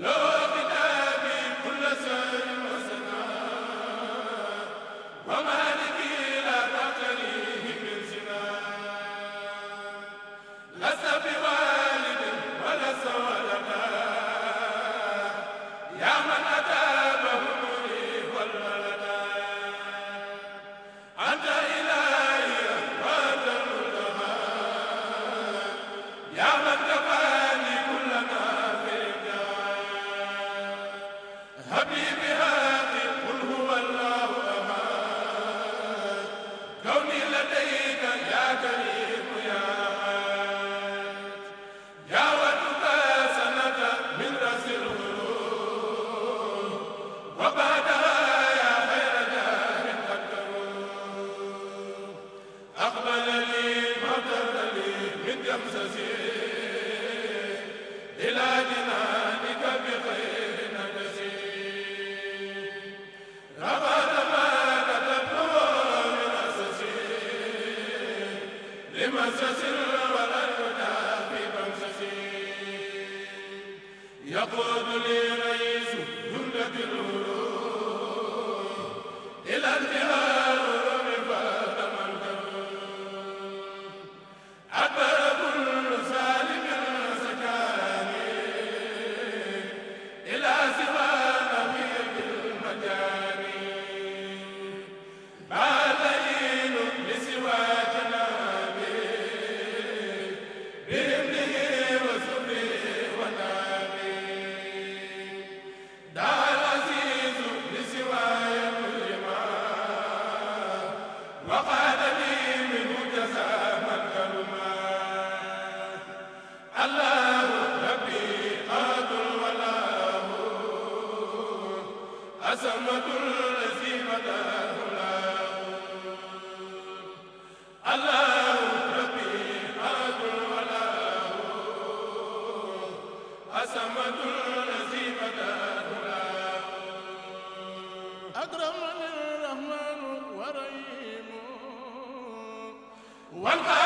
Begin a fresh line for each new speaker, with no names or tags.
la يقول لي man